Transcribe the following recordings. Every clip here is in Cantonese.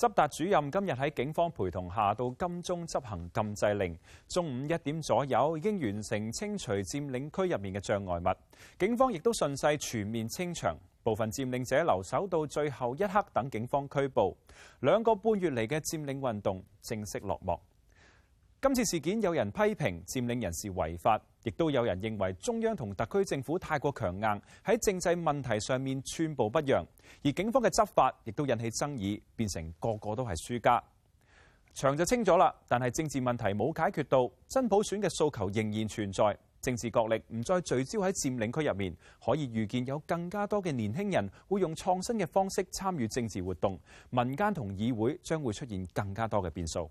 執達主任今日喺警方陪同下到金鐘執行禁制令，中午一點左右已經完成清除佔領區入面嘅障礙物，警方亦都順勢全面清場，部分佔領者留守到最後一刻等警方拘捕，兩個半月嚟嘅佔領運動正式落幕。今次事件有人批評佔領人士違法。亦都有人認為中央同特區政府太過強硬，喺政制問題上面寸步不讓，而警方嘅執法亦都引起爭議，變成個個都係輸家。場就清咗啦，但係政治問題冇解決到，真普選嘅訴求仍然存在。政治角力唔再聚焦喺佔領區入面，可以預見有更加多嘅年輕人會用創新嘅方式參與政治活動，民間同議會將會出現更加多嘅變數。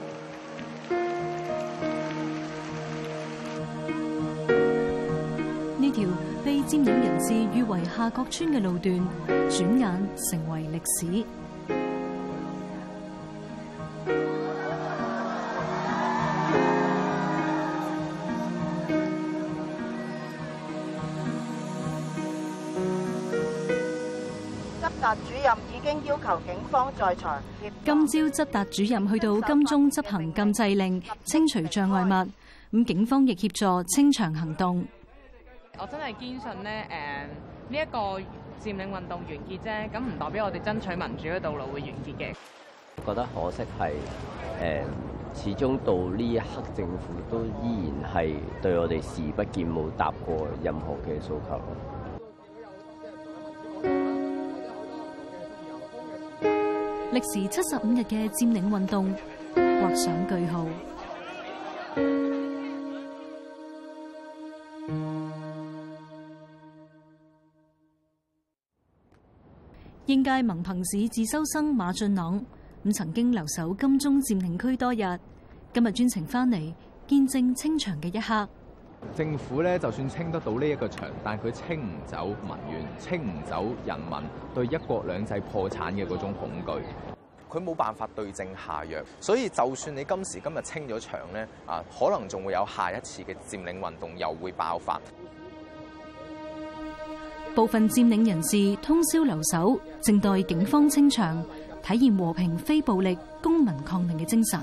影人士譽為夏慤村嘅路段，轉眼成為歷史。執達主任已經要求警方在場。今朝執達主任去到金鐘執行禁制令，清除障礙物。咁警方亦協助清場行動。我真係堅信咧，誒呢一個佔領運動完結啫，咁唔代表我哋爭取民主嘅道路會完結嘅。我覺得可惜係誒，始終到呢一刻政府都依然係對我哋視不見，冇答過任何嘅訴求。歷時七十五日嘅佔領運動畫上句號。應屆文憑試自修生馬俊朗咁曾經留守金鐘佔領區多日，今日專程翻嚟見證清場嘅一刻。政府咧就算清得到呢一個場，但佢清唔走民怨，清唔走人民對一國兩制破產嘅嗰種恐懼，佢冇辦法對症下藥。所以就算你今時今日清咗場咧，啊，可能仲會有下一次嘅佔領運動又會爆發。部分佔領人士通宵留守，正待警方清場，體現和平非暴力公民抗命嘅精神。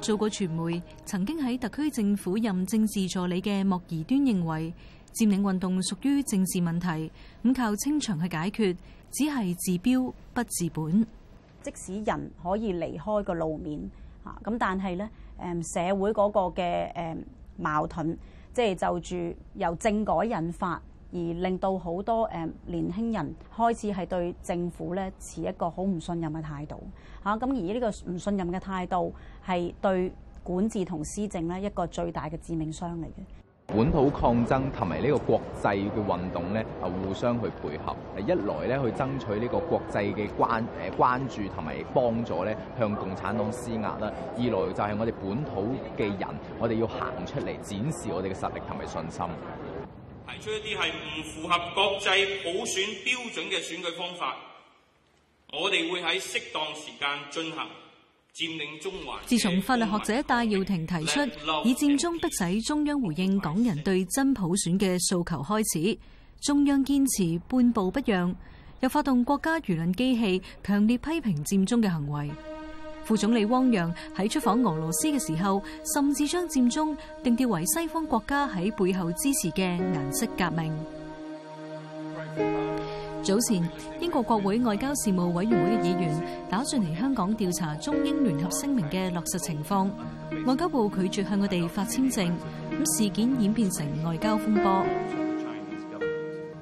做過傳媒，曾經喺特區政府任政治助理嘅莫宜端認為，佔領運動屬於政治問題，咁靠清場去解決只係治標不治本。即使人可以離開個路面吓，咁但係呢誒，社會嗰個嘅誒。矛盾即係就住，是，由政改引發，而令到好多誒年輕人開始係對政府咧持一個好唔信任嘅態度。嚇、啊、咁而呢個唔信任嘅態度係對管治同施政咧一個最大嘅致命傷嚟嘅。本土抗爭同埋呢個國際嘅運動咧，啊互相去配合。一來咧去爭取呢個國際嘅關誒關注同埋幫助咧，向共產黨施壓啦；二來就係我哋本土嘅人，我哋要行出嚟展示我哋嘅實力同埋信心。提出一啲係唔符合國際普選標準嘅選舉方法，我哋會喺適當時間進行。占自從法律學者戴耀廷提出以佔中逼使中央回應港人對真普選嘅訴求開始，中央堅持半步不讓，又發動國家輿論機器強烈批評佔中嘅行為。副總理汪洋喺出訪俄羅斯嘅時候，甚至將佔中定調為西方國家喺背後支持嘅顏色革命。早前，英國國會外交事務委員會嘅議員打算嚟香港調查中英聯合聲明嘅落實情況，外交部拒絕向佢哋發簽證，咁事件演變成外交風波。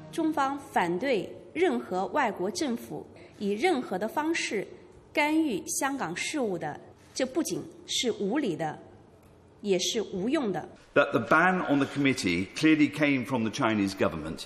中方反對任何外國政府以任何的方式干預香港事務的，這不僅是無理的，也是無用的。That the ban on the committee clearly came from the Chinese government.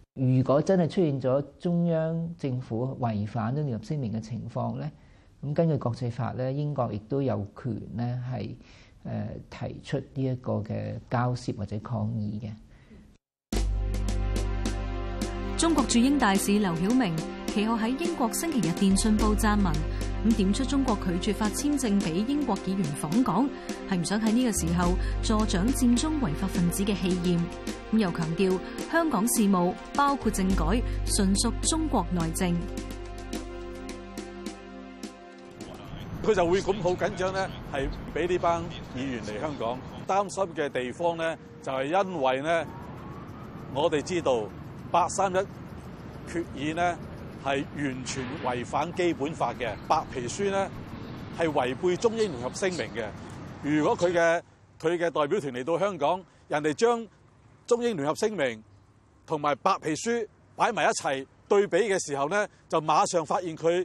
如果真係出現咗中央政府違反咗聯合聲明嘅情況咧，咁根據國際法咧，英國亦都有權咧係誒提出呢一個嘅交涉或者抗議嘅。中國駐英大使劉曉明，其後喺英國星期日《電訊報》撰文。咁點出中國拒絕發簽證俾英國議員訪港，係唔想喺呢個時候助長占中違法分子嘅氣焰。咁又強調香港事務包括政改純屬中國內政。佢就會咁好緊張咧，係俾呢班議員嚟香港，擔心嘅地方咧就係因為咧，我哋知道八三一決議呢。係完全違反基本法嘅白皮書呢，係違背中英聯合聲明嘅。如果佢嘅佢嘅代表團嚟到香港，人哋將中英聯合聲明同埋白皮書擺埋一齊對比嘅時候呢，就馬上發現佢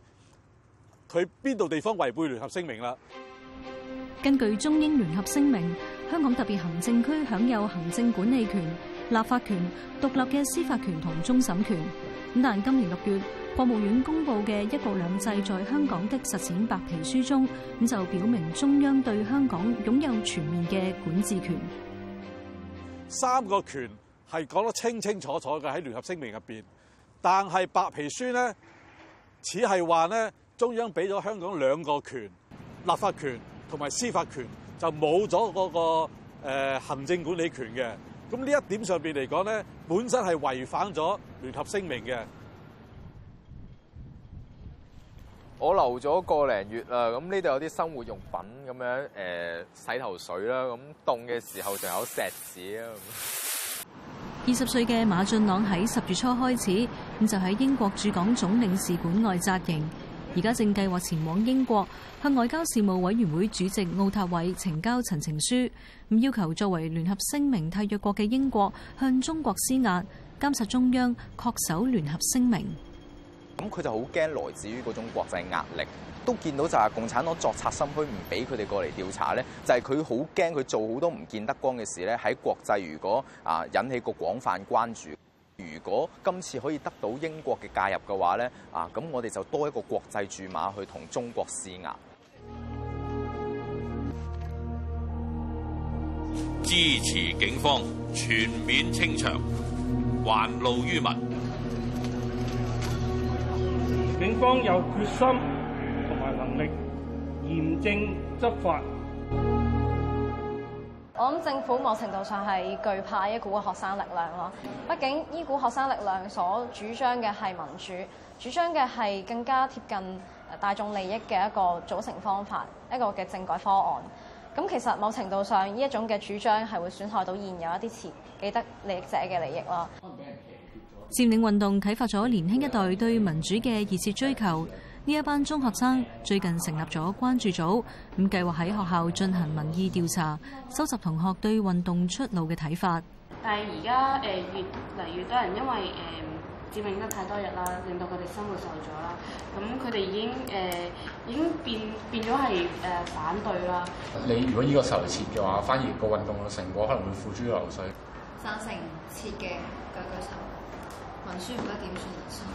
佢邊度地方違背聯合聲明啦。根據中英聯合聲明，香港特別行政區享有行政管理權、立法權、獨立嘅司法權同終審權。咁但係今年六月，國務院公布嘅《一國兩制》在香港的實踐白皮書中，咁就表明中央對香港擁有全面嘅管治權。三個權係講得清清楚楚嘅喺聯合聲明入邊，但係白皮書呢，似係話呢，中央俾咗香港兩個權，立法權同埋司法權，就冇咗嗰個誒、呃、行政管理權嘅。咁呢一點上邊嚟講呢，本身係違反咗聯合聲明嘅。我留咗個零月啦，咁呢度有啲生活用品咁樣，誒、呃，洗頭水啦，咁凍嘅時候就有錫紙啦。二十歲嘅馬俊朗喺十月初開始，咁就喺英國駐港總領事館外紮營，而家正計劃前往英國向外交事務委員會主席奧塔韋呈交陳情書，咁要求作為聯合聲明締約國嘅英國向中國施壓，監察中央，確守聯合聲明。咁佢就好驚來自於嗰種國際壓力，都見到就係共產黨作賊心虛唔俾佢哋過嚟調查咧，就係佢好驚佢做好多唔見得光嘅事咧。喺國際如果啊引起個廣泛關注，如果今次可以得到英國嘅介入嘅話咧，啊咁我哋就多一個國際注碼去同中國施壓，支持警方全面清場，還路於民。警方有決心同埋能力嚴正執法。我諗政府某程度上係懼怕一股嘅學生力量咯。畢竟呢股學生力量所主張嘅係民主，主張嘅係更加貼近大眾利益嘅一個組成方法，一個嘅政改方案。咁其實某程度上呢一種嘅主張係會損害到現有一啲既得利益者嘅利益咯。佔領運動啟發咗年輕一代對民主嘅熱切追求。呢一班中學生最近成立咗關注組，咁計劃喺學校進行民意調查，收集同學對運動出路嘅睇法。但係而家誒越嚟越多人因為誒佔領得太多日啦，令到佢哋生活受阻啦。咁佢哋已經誒已經變變咗係誒反對啦。你如果依個受嚟切嘅話，反而個運動嘅成果可能會付諸流水。三成切嘅舉舉手。文舒服一點算，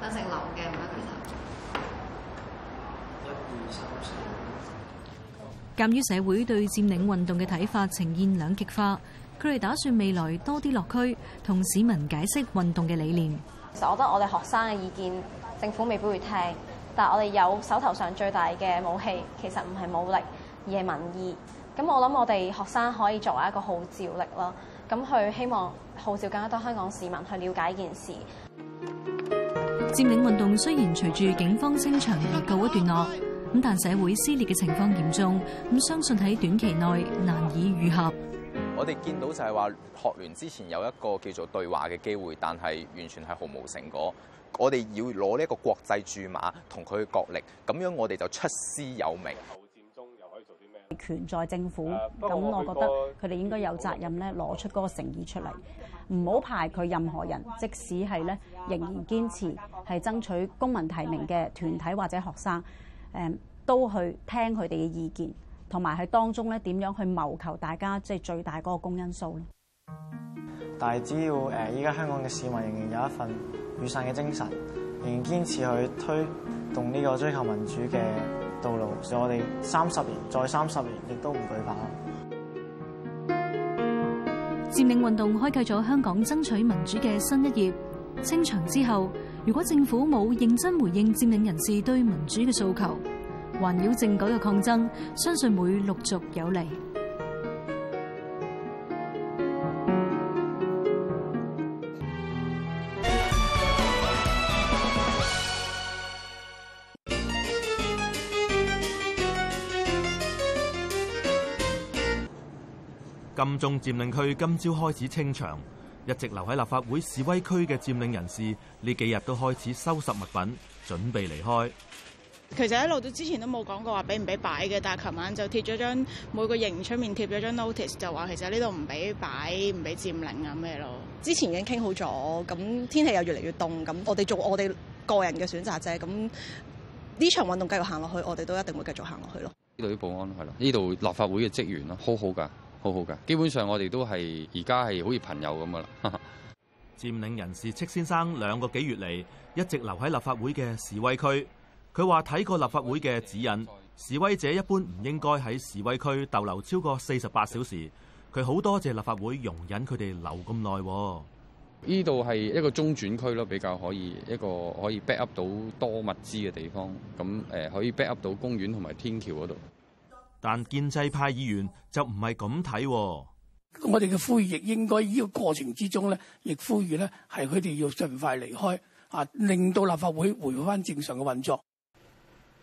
反正流嘅唔得及頭。一、二、三、四、五。鑑於社會對佔領運動嘅睇法呈現兩極化，佢哋打算未來多啲落區，同市民解釋運動嘅理念。其實我覺得我哋學生嘅意見，政府未必會聽，但係我哋有手頭上最大嘅武器，其實唔係武力，而係民意。咁我諗我哋學生可以作為一個號召力咯。咁佢希望，號召更加多香港市民去了解一件事。佔領運動雖然隨住警方清場而告一段落，咁但社會撕裂嘅情況嚴重，咁相信喺短期內難以愈合。我哋見到就係話學聯之前有一個叫做對話嘅機會，但係完全係毫無成果。我哋要攞呢一個國際注碼同佢角力，咁樣我哋就出師有名。權在政府，咁我覺得佢哋應該有責任咧，攞出嗰個誠意出嚟，唔好排佢任何人，即使係咧仍然堅持係爭取公民提名嘅團體或者學生，誒，都去聽佢哋嘅意見，同埋喺當中咧點樣去謀求大家即係最大嗰個公因數咯。但係只要誒依家香港嘅市民仍然有一份雨傘嘅精神，仍然堅持去推動呢個追求民主嘅道路，所以我哋三十年再三十年，亦都唔懼怕。佔領運動開啟咗香港爭取民主嘅新一頁。清場之後，如果政府冇認真回應佔領人士對民主嘅訴求，環繞政改嘅抗爭相信會陸續有嚟。金鐘佔領區今朝開始清場，一直留喺立法會示威區嘅佔領人士，呢幾日都開始收拾物品，準備離開。其實一路到之前都冇講過話俾唔俾擺嘅，但係琴晚就貼咗張，每個營出面貼咗張 notice，就話其實呢度唔俾擺，唔俾佔領啊咩咯。之前已經傾好咗，咁天氣又越嚟越凍，咁我哋做我哋個人嘅選擇啫。咁呢場運動繼續行落去，我哋都一定會繼續行落去咯。呢度啲保安係啦，呢度立法會嘅職員咯，好好噶。好好噶，基本上我哋都係而家係好似朋友咁噶啦。佔領人士戚先生兩個幾月嚟一直留喺立法會嘅示威區，佢話睇過立法會嘅指引，示威者一般唔應該喺示威區逗留超過四十八小時。佢好多謝立法會容忍佢哋留咁耐。呢度係一個中轉區咯，比較可以一個可以 back up 到多物資嘅地方。咁誒可以 back up 到公園同埋天橋嗰度。但建制派議員就唔係咁睇。我哋嘅呼籲應該呢個過程之中咧，亦呼籲咧係佢哋要盡快離開，啊，令到立法會回翻正常嘅運作。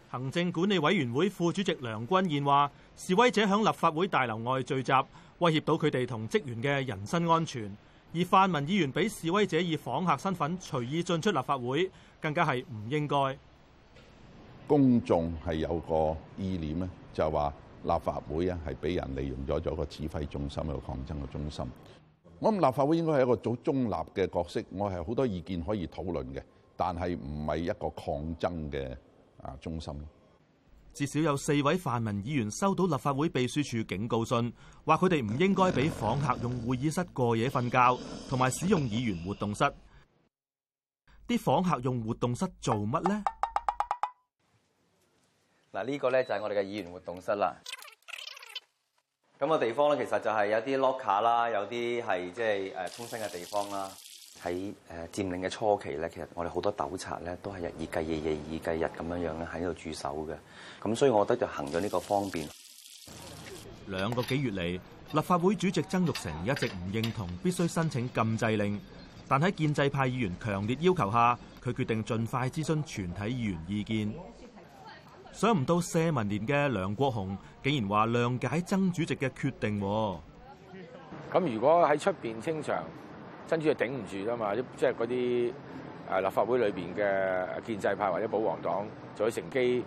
行政管理委員會副主席梁君彥話：示威者響立法會大樓外聚集，威脅到佢哋同職員嘅人身安全。而泛民議員俾示威者以訪客身份隨意進出立法會，更加係唔應該。公眾係有個意念咧。就話立法會啊，係俾人利用咗咗個指揮中心、一個抗爭嘅中心。我諗立法會應該係一個做中立嘅角色，我係好多意見可以討論嘅，但係唔係一個抗爭嘅啊中心。至少有四位泛民議員收到立法會秘書處警告信，話佢哋唔應該俾訪客用會議室過夜瞓覺，同埋使用議員活動室。啲訪客用活動室做乜呢？嗱，呢個咧就係我哋嘅議員活動室啦。咁、這個地方咧，其實就係有啲 locker 啦，有啲係即係誒通身嘅地方啦。喺誒佔領嘅初期咧，其實我哋好多斗察咧都係日以繼夜、夜以繼日咁樣樣咧喺度駐守嘅。咁所以，我覺得就行咗呢個方便。兩個幾月嚟，立法會主席曾鈺成一直唔認同必須申請禁制令，但喺建制派議員強烈要求下，佢決定盡快諮詢全體議員意見。想唔到社民連嘅梁國雄竟然話諒解曾主席嘅決定，咁如果喺出邊清場，曾主席就頂唔住啫嘛，即係嗰啲誒立法會裏邊嘅建制派或者保皇黨，就可乘機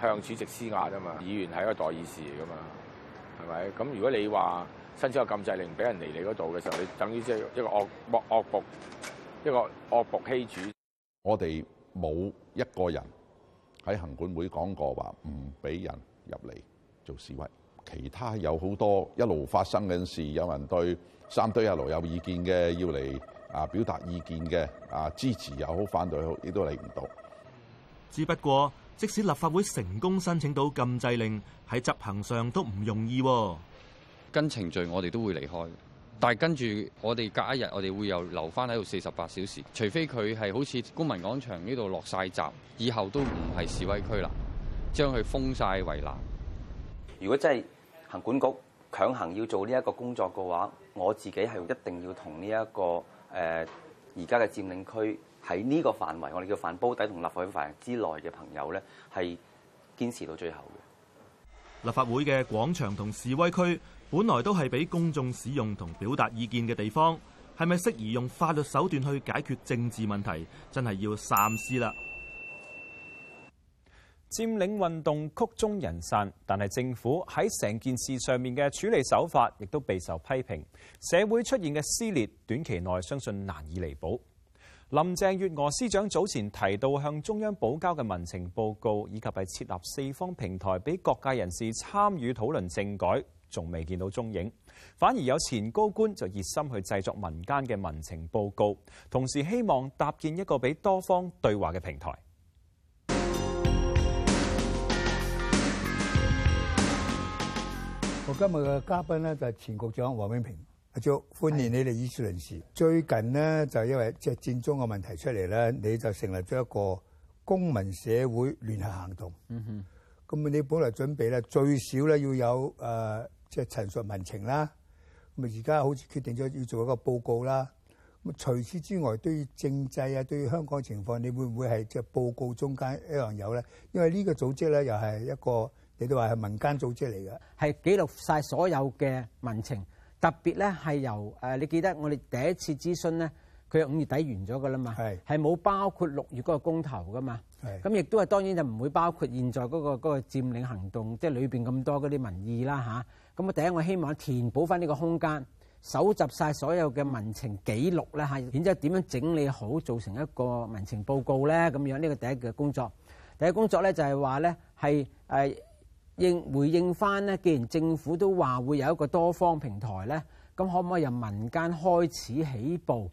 向主席施壓啫嘛。議員係一個代議士嚟噶嘛，係咪？咁如果你話申請個禁制令俾人嚟你嗰度嘅時候，你等於即係一個惡惡惡僕，一個惡僕欺主。我哋冇一個人。喺行管會講過話唔俾人入嚟做示威，其他有好多一路發生嘅事，有人對三堆一爐有意見嘅，要嚟啊表達意見嘅啊，支持又好，反對好，亦都嚟唔到。只不過，即使立法會成功申請到禁制令，喺執行上都唔容易喎。跟程序，我哋都會離開。但係跟住我哋隔一日，我哋會又留翻喺度四十八小時，除非佢係好似公民廣場呢度落晒閘以後都唔係示威區啦，將佢封晒圍欄。如果真係行管局強行要做呢一個工作嘅話，我自己係一定要同呢一個誒而家嘅佔領區喺呢個範圍，我哋叫飯煲底同立法會範圍之內嘅朋友咧，係堅持到最後嘅立法會嘅廣場同示威區。本來都係俾公眾使用同表達意見嘅地方，係咪適宜用法律手段去解決政治問題？真係要三思啦。佔領運動曲終人散，但係政府喺成件事上面嘅處理手法亦都備受批評，社會出現嘅撕裂，短期內相信難以彌補。林鄭月娥司長早前提到向中央補交嘅民情報告，以及係設立四方平台，俾各界人士參與討論政改。仲未見到蹤影，反而有前高官就熱心去製作民間嘅民情報告，同時希望搭建一個俾多方對話嘅平台。我今日嘅嘉賓呢，就係前局長王永平阿 Joe，歡迎你哋議事論事。最近呢，就因為佔中嘅問題出嚟咧，你就成立咗一個公民社會聯合行動。嗯哼，咁你本嚟準備咧最少咧要有誒。呃即係陳述民情啦，咁啊而家好似決定咗要做一個報告啦。咁除此之外，對於政制啊，對於香港情況，你會唔會係只報告中間一樣有咧？因為呢個組織咧，又係一個你都話係民間組織嚟嘅，係記錄晒所有嘅民情，特別咧係由誒，你記得我哋第一次諮詢咧。佢五月底完咗噶啦嘛，係冇包括六月嗰個公投噶嘛，咁亦都係當然就唔會包括現在嗰個嗰個佔領行動，即係裏面咁多嗰啲民意啦吓，咁啊，第一我希望填補翻呢個空間，搜集曬所有嘅民情記錄咧吓、啊，然之後點樣整理好，做成一個民情報告咧咁樣，呢個第一嘅工作。第一工作咧就係話咧係誒應回應翻咧，既然政府都話會有一個多方平台咧，咁可唔可以由民間開始起步？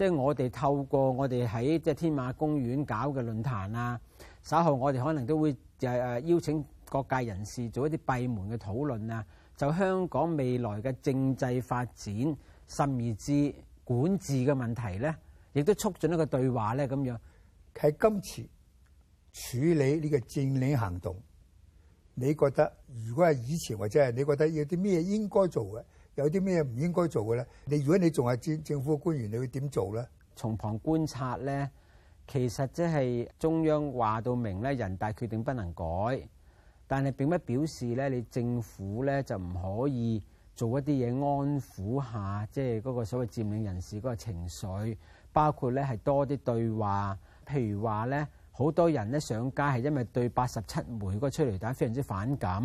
即係我哋透過我哋喺即係天馬公園搞嘅論壇啊，稍後我哋可能都會誒誒邀請各界人士做一啲閉門嘅討論啊，就香港未來嘅政制發展，甚至管治嘅問題咧，亦都促進一個對話咧咁樣。喺今次處理呢個佔領行動，你覺得如果係以前或者係你覺得有啲咩應該做嘅？有啲咩唔應該做嘅咧？你如果你仲係政政府嘅官員，你會點做咧？從旁觀察咧，其實即係中央話到明咧，人大決定不能改，但係並不表示咧，你政府咧就唔可以做一啲嘢，安撫下即係嗰個所謂佔領人士嗰個情緒，包括咧係多啲對話。譬如話咧，好多人咧上街係因為對八十七枚嗰催淚彈，大家非常之反感。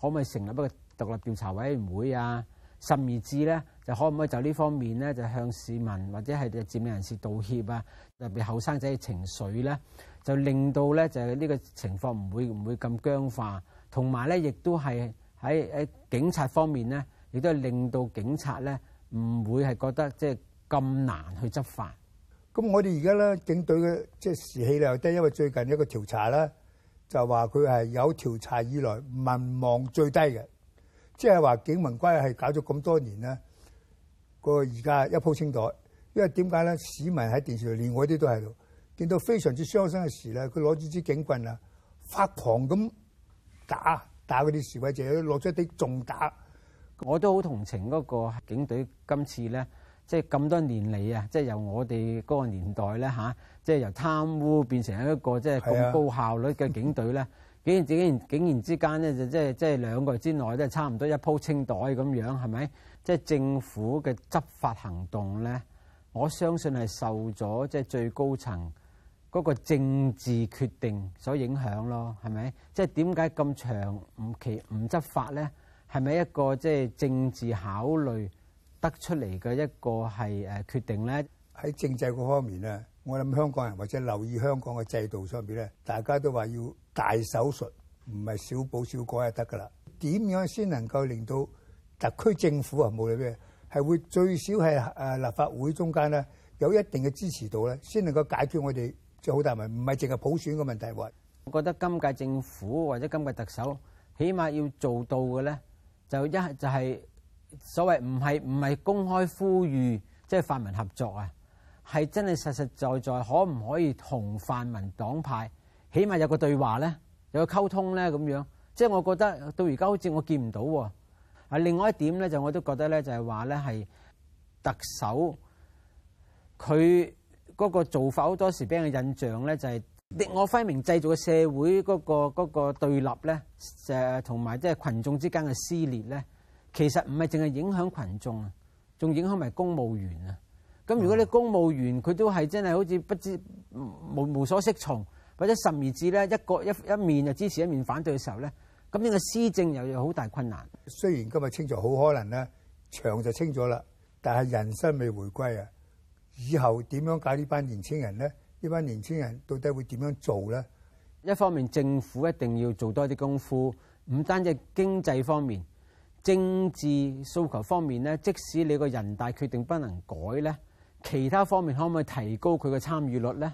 可唔可以成立一個獨立調查委員會啊？甚至咧，就可唔可以就呢方面咧，就向市民或者係就佔領人士道歉啊？特別後生仔嘅情緒咧，就令到咧就係呢個情況唔會唔會咁僵化，同埋咧亦都係喺警察方面咧，亦都係令到警察咧唔會係覺得即係咁難去執法。咁我哋而家咧警隊嘅即係士氣量低，因為最近一個調查咧就話佢係有調查以來民望最低嘅。即係話警民關係搞咗咁多年咧，個而家一鋪清袋，因為點解咧？市民喺電視度連我啲都喺度，見到非常之傷心嘅事咧。佢攞住支警棍啊，發狂咁打打嗰啲示威者，落咗地重打。我都好同情嗰個警隊，今次咧即係咁多年嚟啊，即係由我哋嗰個年代咧嚇，即係由貪污變成一個即係咁高效率嘅警隊咧。 竟然、竟然、竟然之間咧，就即係即係兩個月之內咧，差唔多一鋪清袋咁樣，係咪？即係政府嘅執法行動咧，我相信係受咗即係最高層嗰個政治決定所影響咯，係咪？即係點解咁長唔期唔執法咧？係咪一個即係政治考慮得出嚟嘅一個係誒決定咧？喺政制嗰方面咧，我諗香港人或者留意香港嘅制度上邊咧，大家都話要。大手術唔係小補小改就得噶啦，點樣先能夠令到特區政府啊冇理咩，係會最少係誒立法會中間咧有一定嘅支持度咧，先能夠解決我哋好大問題，唔係淨係普選嘅問題，喎。我覺得今屆政府或者今屆特首，起碼要做到嘅咧，就一就係、是、所謂唔係唔係公開呼籲即係、就是、泛民合作啊，係真係實實在在，在，可唔可以同泛民黨派？起碼有個對話咧，有個溝通咧，咁樣即係我覺得到而家好似我見唔到喎。係另外一點咧，就我都覺得咧，就係話咧係特首佢嗰個做法好多時俾人嘅印象咧，就係敵我分明製造嘅社會嗰個嗰個對立咧，誒同埋即係羣眾之間嘅撕裂咧，其實唔係淨係影響羣眾，仲影響埋公務員啊。咁如果你公務員佢都係真係好似不知無無所適從。或者甚至咧，一個一一面就支持，一面反對嘅時候咧，咁呢個施政又有好大困難。雖然今日清咗，好可能咧，場就清咗啦，但係人生未回歸啊！以後點樣解呢班年青人咧？呢班年青人到底會點樣做咧？一方面政府一定要做多啲功夫，唔單止經濟方面、政治訴求方面咧，即使你個人大決定不能改咧，其他方面可唔可以提高佢嘅參與率咧？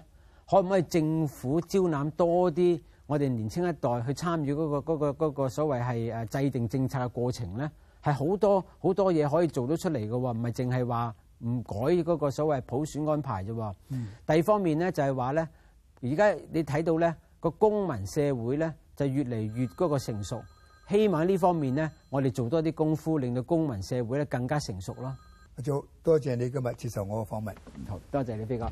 可唔可以政府招攬多啲我哋年青一代去參與嗰個嗰個嗰個所謂係誒制定政策嘅過程咧？係好多好多嘢可以做到出嚟嘅喎，唔係淨係話唔改嗰個所謂普選安排啫。嗯。第二方面咧就係話咧，而家你睇到咧個公民社會咧就越嚟越嗰個成熟，希望呢方面咧我哋做多啲功夫，令到公民社會咧更加成熟咯。阿多謝你今日接受我嘅訪問。好，多謝你比較，飛哥。